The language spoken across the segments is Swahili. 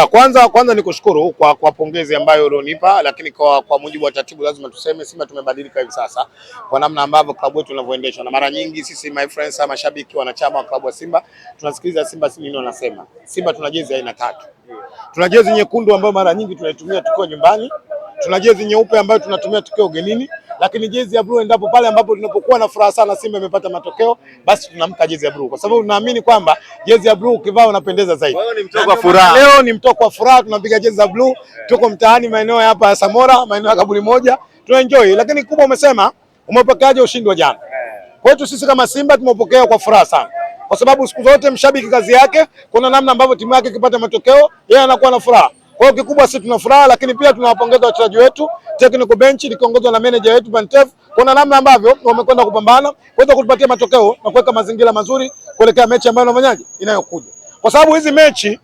Ya, kwanza kwanza ni kushukuru kwa, kwa pongezi ambayo ulionipa, lakini kwa, kwa mujibu wa taratibu lazima tuseme Simba tumebadilika hivi sasa kwa namna ambavyo klabu yetu inavyoendeshwa, na mara nyingi sisi my friends, mashabiki, wanachama wa klabu ya Simba tunasikiliza Simba nini wanasema. Simba tuna jezi aina tatu, tuna jezi nyekundu ambayo mara nyingi tunaitumia tukiwa nyumbani, tuna jezi nyeupe ambayo tunatumia tukiwa ugenini lakini jezi ya blue, endapo pale ambapo tunapokuwa na furaha sana Simba imepata matokeo, basi tunamka jezi ya blue, kwa sababu tunaamini kwamba jezi ya blue ukivaa unapendeza zaidi. Leo ni mtoko wa furaha, tunapiga jezi za blue, tuko mtaani maeneo hapa ya Samora, maeneo ya kaburi moja, tunaenjoy. Lakini kubwa, umesema umepokeaje ushindi wa jana? Kwetu sisi kama Simba tumepokea kwa furaha sana kwa sababu siku zote mshabiki kazi yake, kuna namna ambavyo timu yake ikipata matokeo yeye anakuwa na furaha. Kwa hiyo kikubwa sisi tuna furaha, lakini pia tunawapongeza wachezaji wetu, technical bench likiongozwa na manager wetu Bantef, kuna namna ambavyo wamekwenda kupambana kuweza kutupatia matokeo na kuweka mazingira mazuri kuelekea mechi ambayo inafanyaje inayokuja, kwa sababu hizi mechi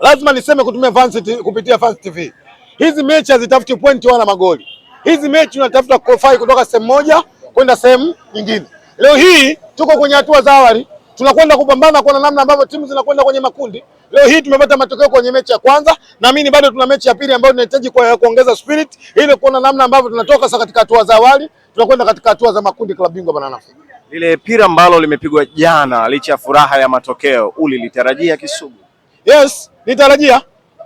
lazima niseme kutumia Vanity, kupitia Vanity TV, hizi mechi hazitafuti pointi wala magoli. Hizi mechi unatafuta qualify kutoka sehemu moja kwenda sehemu nyingine. Leo hii tuko kwenye hatua za awali, tunakwenda kupambana kwa namna ambavyo timu zinakwenda kwenye makundi. Leo hii tumepata matokeo kwenye mechi ya kwanza, naamini bado tuna mechi ya pili ambayo tunahitaji kuongeza spirit ili kuona namna ambavyo tunatoka sasa katika hatua za awali tunakwenda katika hatua za makundi klabu bingwa bana nafuu. Lile pira ambalo limepigwa jana, licha ya furaha ya matokeo, ulilitarajia Kisugu? Yes, nitarajia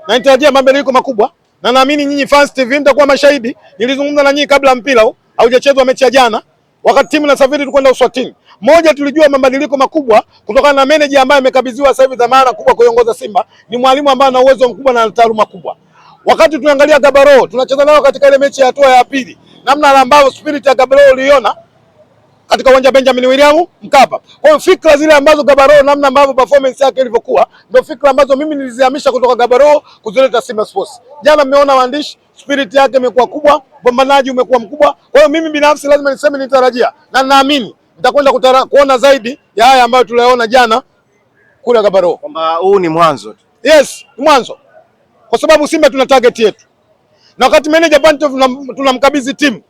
na nitarajia mabadiliko makubwa, na naamini nyinyi fans TV mtakuwa mashahidi. Nilizungumza na nyinyi kabla mpira huu haujachezwa, mechi ya jana, wakati timu na nasafiri tulikwenda Uswatini moja, tulijua mabadiliko makubwa kutokana na meneja ambaye amekabidhiwa sasa hivi dhamana kubwa kuiongoza Simba, ni mwalimu ambaye ana uwezo mkubwa na taaluma kubwa. Wakati tunaangalia Gabaro, tunacheza nao katika ile mechi ya hatua ya pili, namna ambavyo spirit ya Gabaro uliona katika uwanja Benjamin William Mkapa. Kwa hiyo fikra zile ambazo Gabaro, namna ambavyo performance yake ilivyokuwa, ndio fikra ambazo mimi nilizihamisha kutoka Gabaro kuzileta Simba Sports. Jana mmeona waandishi, spirit yake imekuwa kubwa, pambanaji umekuwa mkubwa. Kwa hiyo mimi binafsi lazima niseme nitarajia na naamini mtakwenda kuona zaidi ya haya ambayo tuliyaona jana kule Gabaro, kwamba huu ni mwanzo tu. Yes, ni mwanzo, kwa sababu Simba tuna target yetu, na wakati manager Pantev tunamkabidhi timu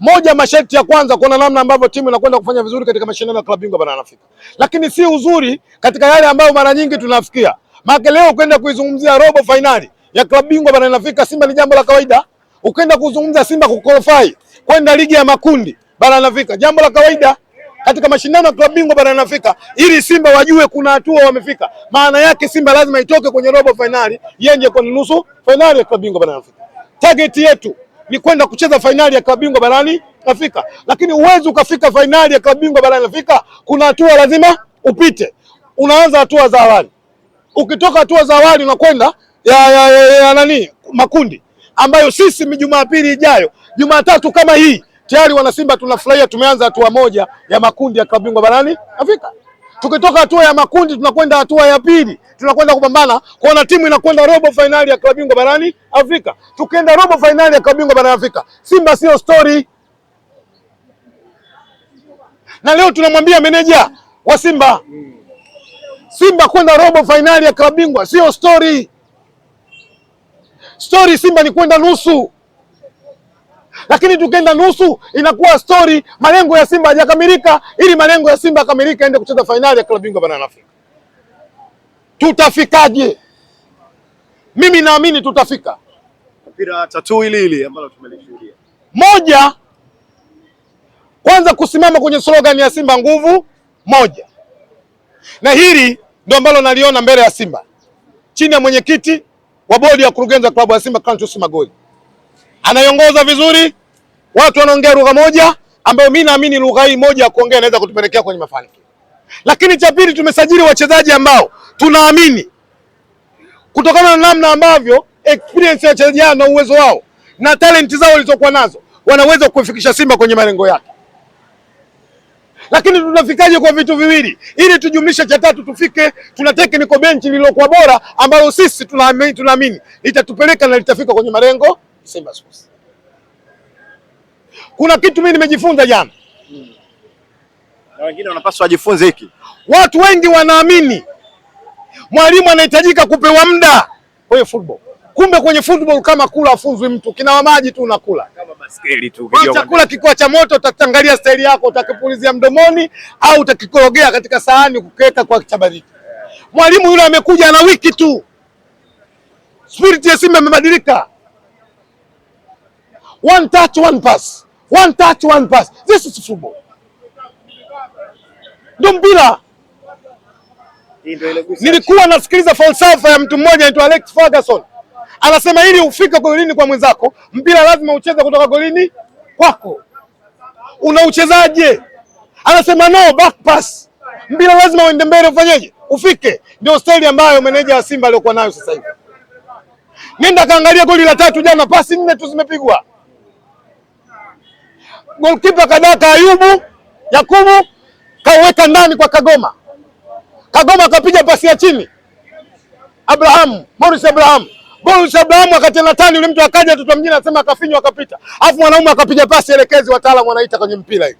moja, masharti ya kwanza kuona namna ambavyo timu inakwenda kufanya vizuri katika mashindano ya klabu bingwa barani Afrika, lakini si uzuri katika yale ambayo mara nyingi tunafikia. Maana leo ukwenda kuizungumzia robo finali ya klabu bingwa barani Afrika, Simba ni jambo la kawaida. Ukwenda kuzungumza Simba kuqualify kwenda ligi ya makundi barani Afrika, jambo la kawaida katika mashindano ya klabu bingwa barani Afrika ili Simba wajue kuna hatua wamefika. Maana yake Simba lazima itoke kwenye robo fainali yenje kwenye nusu fainali ya klabu bingwa barani Afrika. Target yetu ni kwenda kucheza fainali ya klabu bingwa barani Afrika, lakini uwezi ukafika fainali ya klabu bingwa barani Afrika, kuna hatua lazima upite. Unaanza hatua za awali, ukitoka hatua za awali unakwenda ya, ya, ya, ya ya nani makundi ambayo sisi Jumapili ijayo Jumatatu kama hii Tayari wana Simba tunafurahia, tumeanza hatua moja ya makundi ya klabu bingwa barani Afrika. Tukitoka hatua ya makundi tunakwenda hatua ya pili, tunakwenda kupambana kuona timu inakwenda robo fainali ya klabu bingwa barani Afrika. Tukienda robo fainali ya klabu bingwa barani Afrika, Simba sio stori. Na leo tunamwambia meneja wa Simba, Simba kwenda robo fainali ya klabu bingwa sio stori. Stori Simba ni kwenda nusu lakini tukienda nusu inakuwa stori, malengo ya Simba hajakamilika. Ili malengo ya Simba akamilika, aende kucheza fainali ya klabu bingwa barani Afrika. Tutafikaje? Mimi naamini tutafika. Mpira tatu hili ambalo tumelishuhudia, moja kwanza, kusimama kwenye slogan ya Simba nguvu moja, na hili ndio ambalo naliona mbele ya Simba chini ya mwenyekiti wa bodi ya kurugenzi wa klabu ya Simba Clatous Magoli anaiongoza vizuri, watu wanaongea lugha moja ambayo mi naamini lugha hii moja ya kuongea inaweza kutupelekea kwenye mafanikio. Lakini cha pili, tumesajili wachezaji ambao tunaamini kutokana na namna ambavyo experience ya wachezaji hao na uwezo wao na talenti zao walizokuwa nazo wanaweza kuifikisha Simba kwenye malengo yake. Lakini tunafikaje kwa vitu viwili ili tujumlishe cha tatu tufike? Tuna technical bench lililokuwa bora ambayo sisi tunaamini litatupeleka na litafika kwenye malengo Simba Sports. Kuna kitu mimi nimejifunza jana, hmm. Na wengine wanapaswa wajifunze hiki. Watu wengi wanaamini mwalimu anahitajika kupewa muda kwenye football. Kumbe kwenye football kama kula afunzwi mtu, kinawa maji tu unakula kama tu. Chakula kikuwa cha moto, utatangalia staili yako, utakipulizia mdomoni au utakikorogea katika sahani kukiweka kwa chabariki. Mwalimu yule amekuja na wiki tu, spirit ya Simba imebadilika. One touch, one pass. One touch, one pass. This is football. Ndio mpira. Nilikuwa nasikiliza falsafa ya mtu mmoja anaitwa Alex Ferguson. Anasema ili ufike golini kwa mwenzako, mpira lazima ucheze kutoka golini kwako. Unauchezaje? Anasema no back pass. Mpira lazima uende mbele ufanyeje? Ufike. Ndio staili ambayo meneja wa Simba aliyokuwa nayo sasa hivi. Nenda kaangalia goli la tatu jana, pasi nne tu zimepigwa golkipa kadaka Ayubu Yakubu kaweka ndani kwa Kagoma. Kagoma akapiga pasi ya chini, Abraham Morris, Abraham Morris, Abraham wakati tani, yule mtu akaja, mtoto mjini anasema akafinywa, akapita, afu mwanaume akapiga pasi elekezi, wataalamu wanaita kwenye mpira hiyo.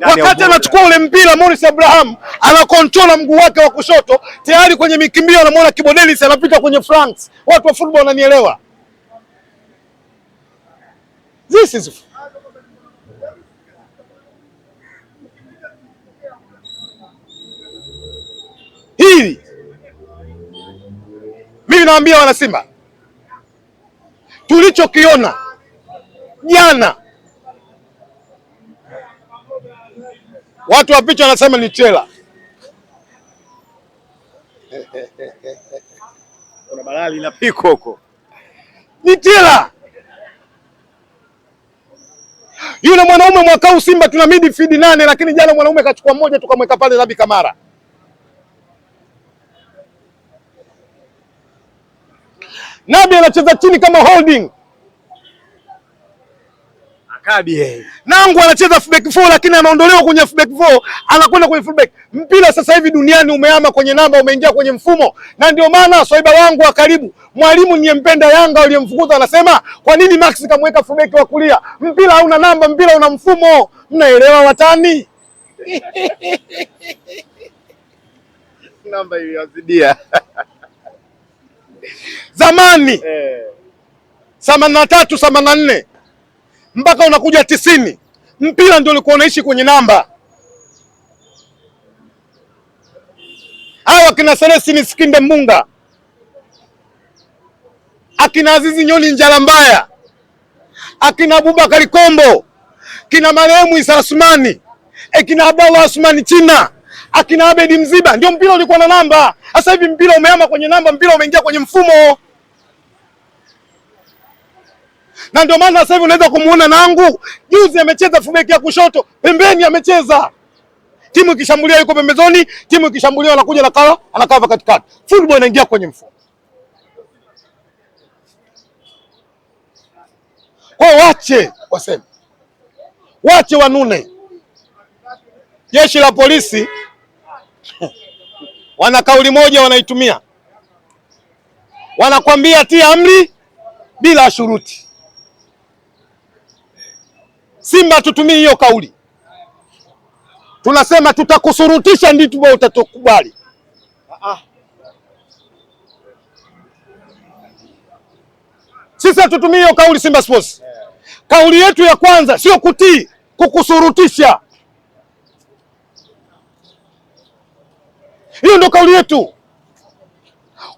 Wakati anachukua ule mpira Morris Abrahamu anakontrola mguu wake wa kushoto tayari kwenye mikimbio, anamwona Kibodelis anapita kwenye France. Watu wa football wananielewa. This is nawaambia wanasimba, tulichokiona jana, watu wa picha wanasema ni chela kuna balali na piko huko, ni chela yule mwanaume. Mwaka huu Simba tuna midfield nane, lakini jana mwanaume kachukua mmoja tukamweka pale Nabi Kamara. Nabi anacheza chini kama holding. Akabi. Nangu anacheza fullback 4 lakini anaondolewa kwenye fullback 4, anakwenda kwenye fullback. Mpira sasa hivi duniani umehama kwenye namba, umeingia kwenye mfumo, na ndio maana swaiba wangu wa karibu, mwalimu mpenda Yanga aliyemfukuza anasema, kwa nini Max kamweka fullback wa kulia? Mpira hauna namba, mpira una mfumo. Mnaelewa watani? namba iliyozidia zamani eh. themanini na tatu themanini na nne mpaka unakuja tisini mpira ndio ulikuwa unaishi kwenye namba. Hawa akina ni Sikinde Mbunga, akina Azizi Nyoni mbaya akina Abubakari Kombo, kina marehemu Isa Asumani, akina eh, Abdallah Asumani China akina Abed Mziba, ndio mpira ulikuwa na namba. Sasa hivi mpira umehama kwenye namba, mpira umeingia kwenye mfumo, na ndio maana sasa hivi unaweza kumuona Nangu juzi amecheza fubeki ya kushoto, pembeni amecheza. Timu ikishambulia yuko pembezoni, timu ikishambulia anakuja nakala anakava katikati, football inaingia kwenye mfumo. Kwa wache waseme, wache wanune. Jeshi la polisi wana kauli moja wanaitumia, wanakwambia tia amri bila shuruti. Simba tutumii hiyo kauli, tunasema tutakusurutisha ndipo utatokubali. Sisi hatutumii hiyo kauli Simba Sports. Kauli yetu ya kwanza sio kutii, kukusurutisha Hiyo ndio kauli yetu.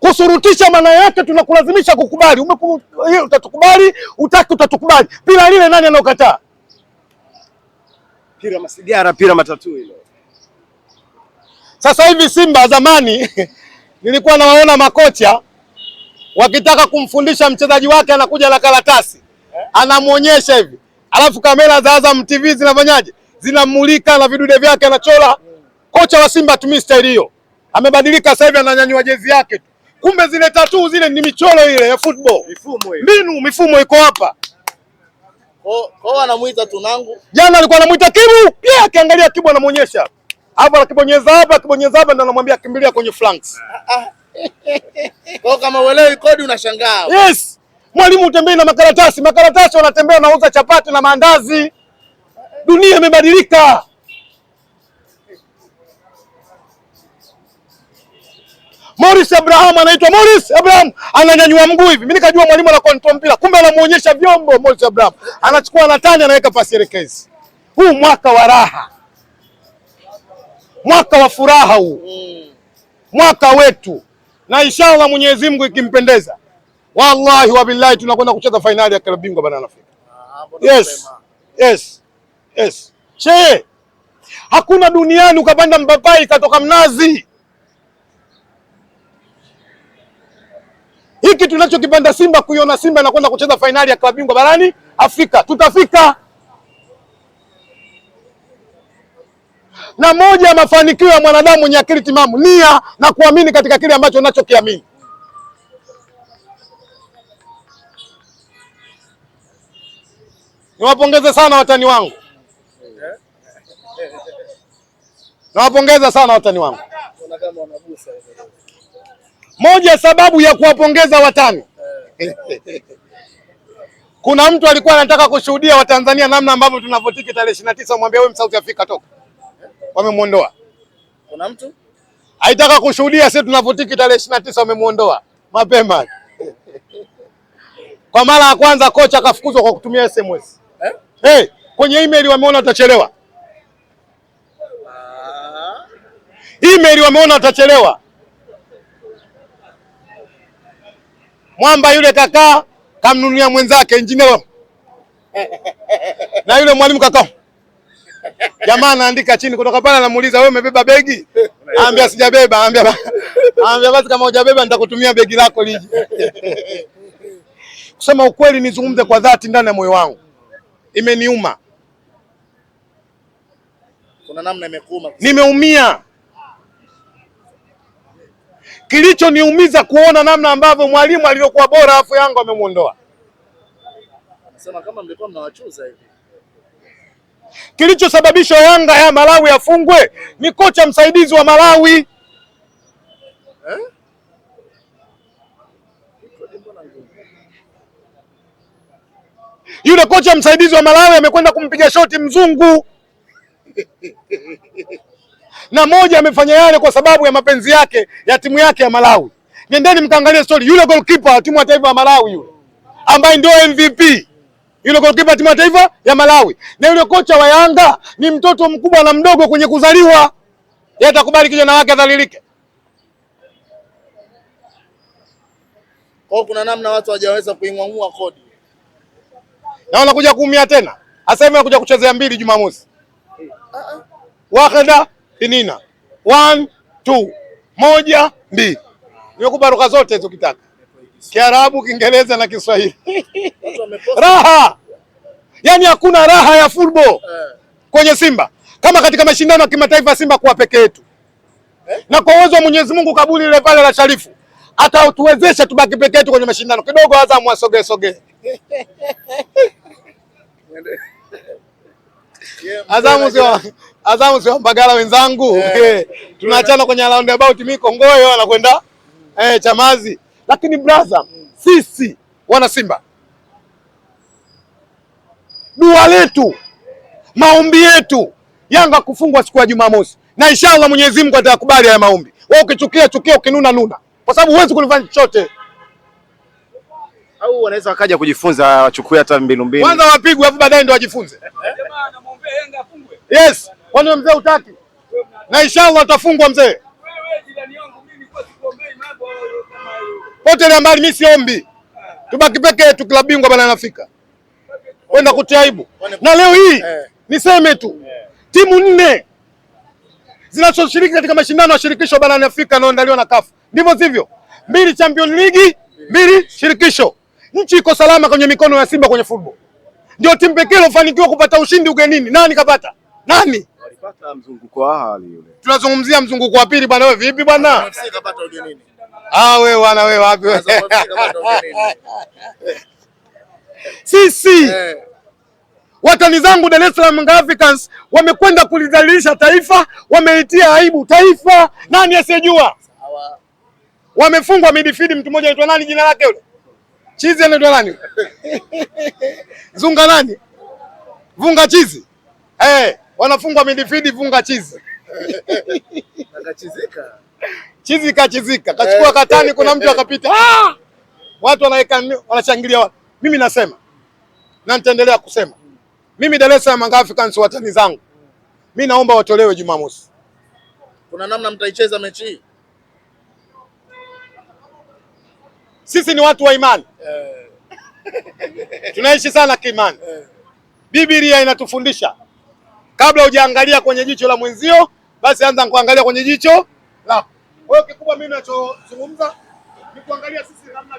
Kusurutisha maana yake tunakulazimisha kukubali. Umeku, utatukubali, utaki utatukubali. Pira lile nani anaokataa? Pira masigara, pira matatu ile. Sasa hivi Simba zamani nilikuwa nawaona makocha wakitaka kumfundisha mchezaji wake anakuja na karatasi eh? anamwonyesha hivi, alafu kamera za Azam TV zinafanyaje? Zinamulika na vidude vyake, anachora. Hmm. Kocha wa Simba atumii staili hiyo amebadilika sasa hivi ananyanyua jezi yake tu, kumbe zile tatu zile ni michoro ile ya football, mbinu mifumo iko hapa. Anamuita tunangu, jana alikuwa anamuita Kibu pia, akiangalia Kibu anamuonyesha hapa, akibonyeza hapa, akibonyeza hapa, ndio anamwambia kimbilia kwenye flanks. Kama uelewi kodi unashangaa. Yes, mwalimu utembei na makaratasi, makaratasi wanatembea, wanauza chapati na maandazi. Dunia imebadilika. Morris Abraham anaitwa Morris Abraham, ananyanyua mguu hivi. Mimi nikajua mwalimu ana control mpira, kumbe anamuonyesha vyombo. Morris Abraham anachukua na tani, anaweka pasi elekezi. Huu mwaka wa raha, mwaka wa furaha, huu mwaka wetu, na inshallah Mwenyezi Mungu ikimpendeza, wallahi wa billahi, tunakwenda kucheza fainali ya klabu bingwa barani Afrika. Yes, yes, yes. Che, hakuna duniani ukapanda mpapai katoka mnazi hiki tunachokipanda Simba kuiona Simba inakwenda kucheza fainali ya klabu bingwa barani Afrika, tutafika. Na moja ya mafanikio ya mwanadamu mwenye akili timamu, nia na kuamini katika kile ambacho unachokiamini. Niwapongeze sana watani wangu, nawapongeza sana watani wangu. Moja sababu ya kuwapongeza watani kuna mtu alikuwa anataka kushuhudia Watanzania namna ambavyo tunavotiki tarehe ishirini na tisa, mwambia wewe South Africa toka, wamemuondoa. Kuna mtu aitaka kushuhudia sisi tunavotiki tarehe ishirini na tisa, wamemuondoa mapema. Kwa mara ya kwanza kocha akafukuzwa kwa kutumia SMS eh? Hey, kwenye email wameona utachelewa, ah. email wameona utachelewa Mwamba yule kakaa kamnunia mwenzake injinia na yule mwalimu kakaa. Jamaa anaandika chini kutoka pale, anamuuliza wewe umebeba begi? Anambia sijabeba. Anambia basi kama hujabeba nitakutumia begi lako liji. Kusema ukweli, nizungumze kwa dhati, ndani ya moyo wangu imeniuma. Kuna namna imekuuma. Nimeumia. Kilichoniumiza kuona namna ambavyo mwalimu aliyokuwa bora afu Yanga amemwondoa. Sema kama mlikuwa mnawachuza hivi. Kilichosababisha Yanga ya Malawi afungwe ni kocha msaidizi wa Malawi eh? Yule kocha msaidizi wa Malawi amekwenda kumpiga shoti mzungu na moja amefanya yale kwa sababu ya mapenzi yake ya timu yake ya Malawi. Nendeni mkaangalie story, yule goalkeeper wa timu ya taifa ya Malawi yule ambaye ndio MVP yule goalkeeper wa timu ya taifa ya Malawi, na yule kocha wa Yanga ni mtoto mkubwa na mdogo kwenye kuzaliwa. Yeye atakubali kijana wake adhalilike? Kwa kuna namna watu hawajaweza kuimwangua kodi, na wanakuja kuumia tena, Asema anakuja kuchezea mbili Jumamosi, wakenda inina One, two. Moja, mbili. Nimekupa lugha zote ukitaka. Kiarabu, Kiingereza na Kiswahili. Raha. Yaani hakuna raha ya football eh. kwenye Simba kama katika mashindano ya kimataifa Simba kuwa peke yetu eh? Na kwa uwezo wa Mwenyezi Mungu kabuli ile pale la Sharifu atatuwezesha tubaki peke yetu kwenye mashindano kidogo. Azamu asogee sogee, Azamu sio Azamu sio Mbagala wenzangu yeah. hey. Eh, tunaachana kwenye about mimi Kongoyo anakwenda mm. Eh, hey, Chamazi, lakini brother mm. sisi wana Simba dua letu maombi yetu Yanga kufungwa siku ya Jumamosi, na inshallah Mwenyezi Mungu atakubali haya maombi. Wewe ukichukia chukia, ukinuna nuna, kwa sababu huwezi kulifanya chochote. Au wanaweza wakaja kujifunza, wachukue hata mbinu mbili, kwanza wapigwe, afu baadaye ndio wajifunze. Yes. Kwani wewe mzee utaki? Na inshallah utafungwa mzee. Potelea mbali, mimi siombi. Tubaki peke yetu, klabu bingwa bana nafika. Wenda kutia aibu. Na leo hii eh. niseme tu timu nne zinazoshiriki katika mashindano ya shirikisho barani Afrika yanayoandaliwa na CAF. Ndivyo sivyo? Mbili Champions League, mbili shirikisho. Nchi iko salama kwenye mikono ya Simba kwenye football. Ndio timu pekee ilofanikiwa kupata ushindi ugenini. Nani kapata? Nani? Kapata mzunguko wa hali yule. Tunazungumzia mzunguko wa pili bwana, wewe vipi bwana? Ah, wewe bwana wewe wapi Sisi eh. watani zangu Dar es Salaam Africans wamekwenda kulidhalilisha taifa, wameitia aibu taifa. Nani asiyejua? Wamefungwa midfield, mtu mmoja anaitwa nani jina lake yule? Chizi anaitwa nani? Zunga nani? Vunga chizi. Eh. Hey wanafungwa midifidi funga chizi chizi kachizika kachukua katani, kuna mtu akapita, ah! watu wanaweka wanashangilia. Mimi nasema na nitaendelea kusema mimi, Dar es Salaam Young Africans, watani zangu mi naomba watolewe Jumamosi. Kuna namna mtaicheza mechi hii? Sisi ni watu wa imani eh. tunaishi sana kiimani, eh. Biblia inatufundisha Kabla hujaangalia kwenye jicho la mwenzio, basi anza kuangalia kwenye jicho lako. Kwa hiyo kikubwa mimi ninachozungumza ni kuangalia sisi namna